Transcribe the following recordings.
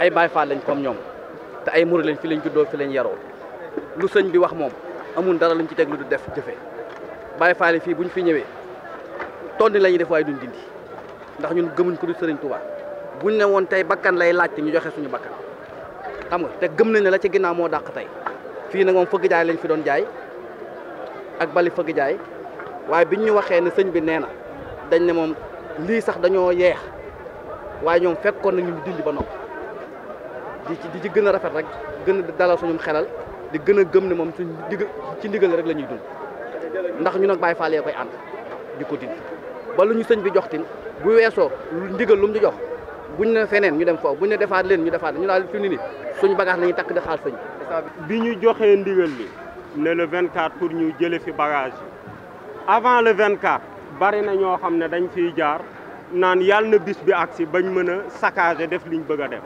ay Baay Faal lañ kom ñoom te ay murid lañ fi lañ juddoo fi lañ yaroo lu sëñ bi wax moom amul dara luñ ci teg lu du def jëfe Baay Faal yi fii buñ fi ñëwee tonni la ñuy def waaye duñ dindi ndax ñun gëmuñ ko du sëriñ Tuubaa buñ ne woon tey bakkan lay laajte ñu joxe suñu bakkan xam nga te gëm nañ la ci ginnaaw moo daq tey fii nag moom fëgg jaay lañ fi doon jaay ak bali fëgg jaay waaye biñ ñu waxee ne sëñ bi nee na dañ ne moom lii sax dañoo yeex waaye ñoom fekkoon nañu dindi ba noppi di ci gën a rafet rek gën a dalal suñu xelal di gën a gëm ne moom suñ digg ci ndigal rek la ñuy dund ndax ñu nag Baye Fall yee koy ànd di ko dindi ba ñu sëñ bi jox tin bu weesoo ndigal lu mu ñu jox buñ ne feneen ñu dem foofu buñ ñu defaat leen ñu defaat ñu daal fi ni ni suñu bagage la ñu takk di xaal sëñ bi ñu joxee ndigal li ne le 24 pour ñu jële fi bagage yi avant le 24 bari na ñoo xam ne dañ fiy jaar naan yàlla na bis bi si bañ mën a saccager def liñ bëgg a def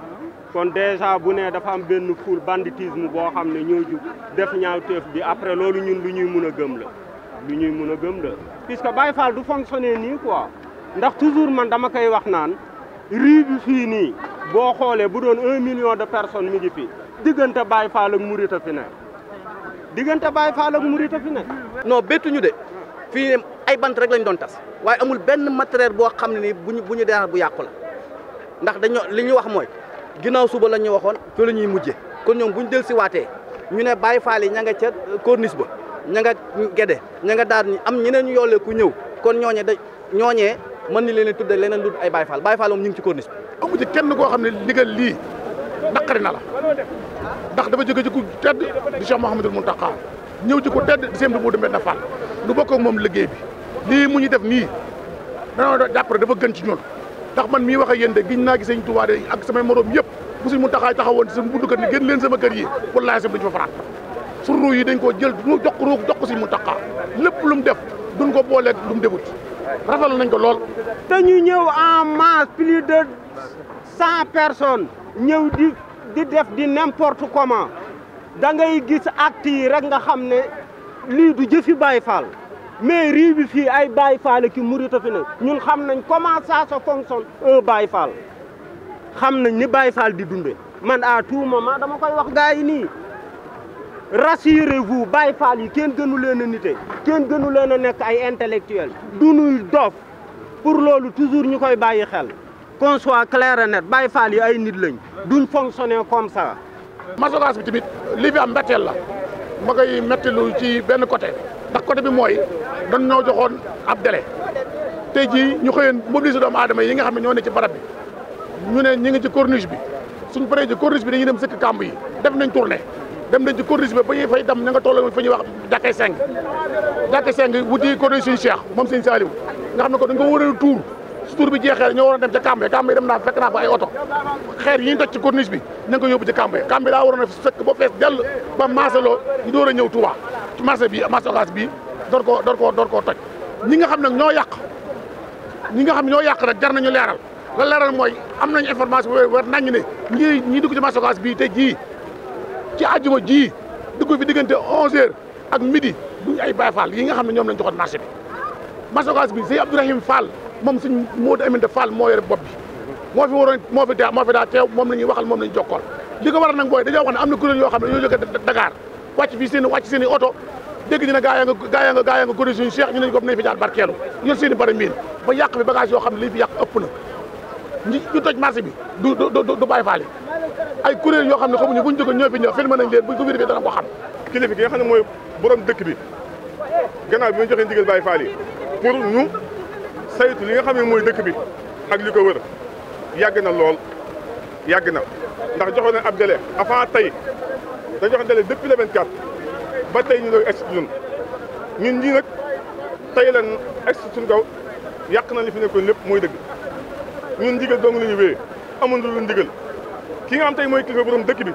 kon déjà bu nee dafa am benn foule banditisme boo xam ne ñoo jug def ñaaw ñaawteef bi après loolu ñun lu ñuy mun a gëm la lu ñuy mun a gëm la puisque Baye Fall du fonctionner nii quoi ndax toujours man dama koy wax naan rue bi fii nii boo xoolee bu doon un million de personnes mi ngi fi diggante Baye Fall ak Mouride fi ne diggante Baye Fall ak Mouride fi ne non bettuñu de fii ay bant rek lañ doon tas waaye amul benn matériel boo xam ne nii bu ñu bu ñu bu yàqu ndax dañoo li ñu wax mooy ginnaaw suba lañ ñu waxoon fa la ñuy mujjee kon ñoom bu ñu del si waatee ñu ne Baye Fall yi ña nga ca corniche ba ña nga gede ña nga daar ñi am ñeneen ñu yoolee ku ñëw kon ñooñee da ñooñee mën ni leen tudde leneen lu ay baay faal Baye Fall moom ñu ngi ci corniche bi amu kenn koo xam ne ndigal lii naqari na la ndax dafa jóge ci ku tedd di Cheikh Mouhamadul Mountakha ñëw ci ku tedd di seen bi mu demee na Fall lu bokk moom liggéey bi lii mu ñu def nii danoo jàpp rek dafa gën ci ñun tax man mii wax ak yéen de giñ naa gi sëñ Tuubaa de ak samay morom yëpp bu suñ mu taxaay taxawoon ci suñ budd kër ni génn leen sama kër yi wallaahi sam yi dañ koo jël ru jox ruu jox ko suñ mu taxaa lépp lu mu def duñ ko booleeg lu mu defut rafetlu nañ ko lool te ñu ñëw en masse plus de cent personnes ñëw di di def di n'importe comment da ngay gis acte yi rek nga xam ne lii du jëfi Baay Faal mais riz bi fii ay Baye Fall ki murit a fi ne ñun xam nañ comment ça se fonctionne un xam nañ ni Baye Fall di dunde man à tout moment dama ko wax gars yi nii rassurez-vous Baye Fall yi kenn gënu leen a kenn gënu leen nekk ay intellectuel du nuy dof pour loolu toujours ñu koy bàyyi xel qu'on soit clair et net Baye Fall yi ay nit lañ duñ fonctionner comme ça. masokaas bi tamit lii fi am mbetteel la ma koy mettilu ci benn côté. ndax côté bi mooy dañ noo joxoon ab délai tey jii ñu xëyoon mobiliser doomu aadama yi nga xam ne ñoo ne ci barab bi ñu ne ñu ngi ci corniche bi suñ paree ci corniche bi dañuy ne sëkk kàmb yi def nañ tournée dem nañ ci corniche bi ba ñuy fay dem ña nga tolloo fa ñuy wax jàkkee seng jàkkee seng wuti corniche suñu Cheikh moom suñu Saliou nga xam ne ko dañ ko war a tuur su bi jeexee ñoo war a dem ca kàmb yi kàmb yi dem naa fekk naa fa ay oto xeer yi ñu toj ci corniche bi na nga ko yóbbu ci kàmb yi kàmb yi daa waroon a fekk ba fees dell ba maasaloo ñu door a ñëw ci bi marché Ocass bi door koo door koo door koo toj ñi nga xam ne ñoo yàq ñi nga xam ñoo yàq nag jar ñu leeral la leeral mooy am nañ information bu wér nañu ne ñii ñii dugg ci marché bii te jii ci àjjuma jii dugg fi diggante 11h ak xam ne ñoom lañ joxoon marché bi. marché Ocass bi sëñ Abdourahim Fall moom suñ moo yore bopp bi moo fi waroon moo fi daa moo fi daa teew moom la ñuy waxal moom la ñuy jokkool li ko waral nag booy dañoo wax ne am na kuréel yoo xam ne dañoo jógee Dakar. wàcc fii seen wàcc seen i oto dégg ñu ne gaa yaa nga gaa yaa nga gaa yaa nga gori suñu cheikh ñu neñ ko nañ fi jaar barkeelu yor seen i bari miin ba yàq fi bagage yoo xam ne liñ fi yàq ëpp na ñi ñu toj marché bi du du bàyyi faale ay kuréel yoo xam ne xamuñu buñ jóge ñoo fi ñëw filmé nañ leen buñ ko vérifié dana ko xam kilifa gi nga xam ne mooy borom dëkk bi gannaaw bi ma joxee ndigal bàyyi faale pour ñu saytu li nga xam ne mooy dëkk bi ak li ko wër yàgg na lool yàgg na ndax joxoon na ab délai avant tey dañoo xam ne depuis le 24 ba tey ñu doon egsi ñun ñun ñii nag tey lan egsi suñu kaw yàq na li fi nekkoon lépp mooy dëgg ñun ndigal dong la ñu wéyee amuñu lu ndigal ki nga xam tey mooy kilifa borom dëkk bi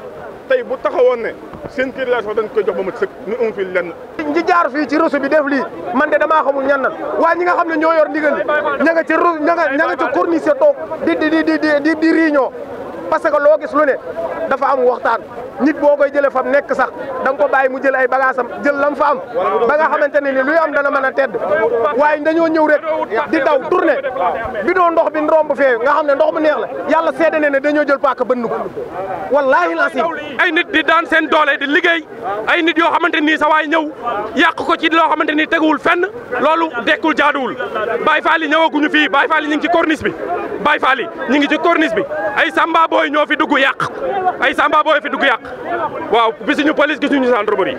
tey bu taxawoon ne seen kër laa sax dañ koy jox ba mat sëkk ñu am fii lenn. ñi jaar fii ci réseau bi def lii man de damaa xamul ñan nan waaye ñi nga xam ne ñoo yor ndigal ña nga ca ña nga ña nga ca corniche toog di di di di di réunion parce que loo gis lu ne dafa am waxtaan nit boo koy jëlee fam nekk sax da baay mu jël ay bagages am jël lam fa am ba nga xamante ne ni luy am dana mën a tedd waaye dañoo ñëw rek di daw tourné bi doo ndox bi romb fee nga xam ne ndox mu neex la yàlla seede ne ne dañoo jël paaka bënn ko wallaahi lancé ay nit di daan seen doole di liggéey ay nit yoo xamante nii sa waay ñëw yàq ko ci loo xamante ni teguwul fenn loolu dekkul jaaduwul Baye Fall yi ñëwaguñu fii Baye Fall yi ngi ci corniche bi Baye Fall ñu ngi ci corniche bi booy ñoo fi dugg yàq ay samba booy fi dugg yàq waaw gisuñu police gisuñu gendarmerie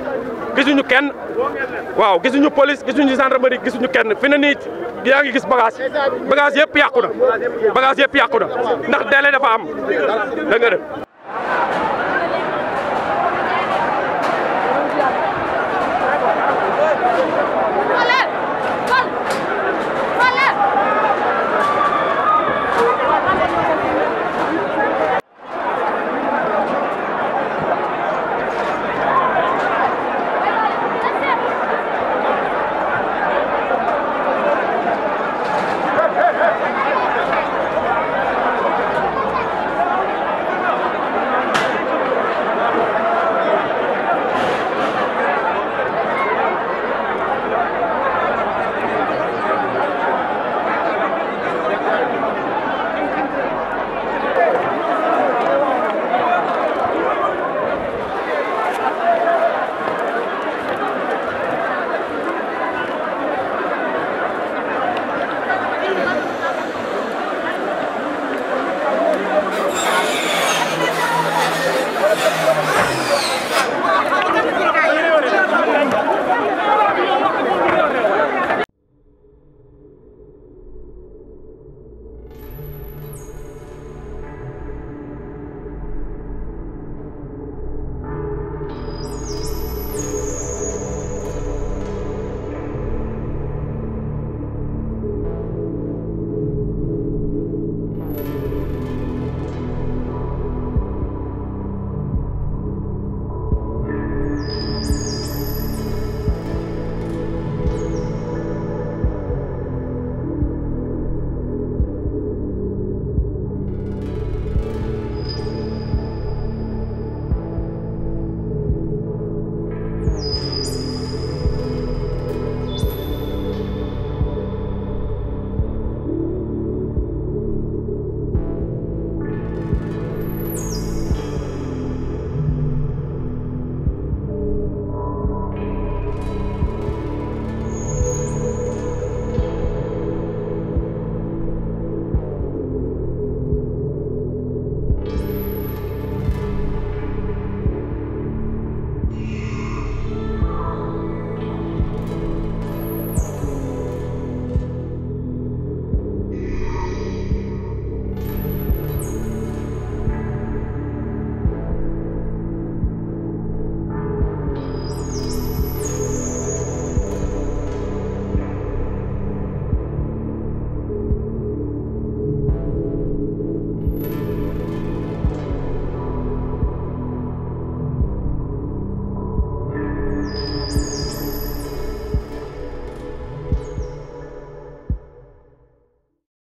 gisuñu kenn waaw gisuñu police gisuñu gendarmerie gisuñu kenn fi na nii yaa ngi gis bagage bagage yëpp yàqu na bagage yëpp yàqu na ndax délai dafa am da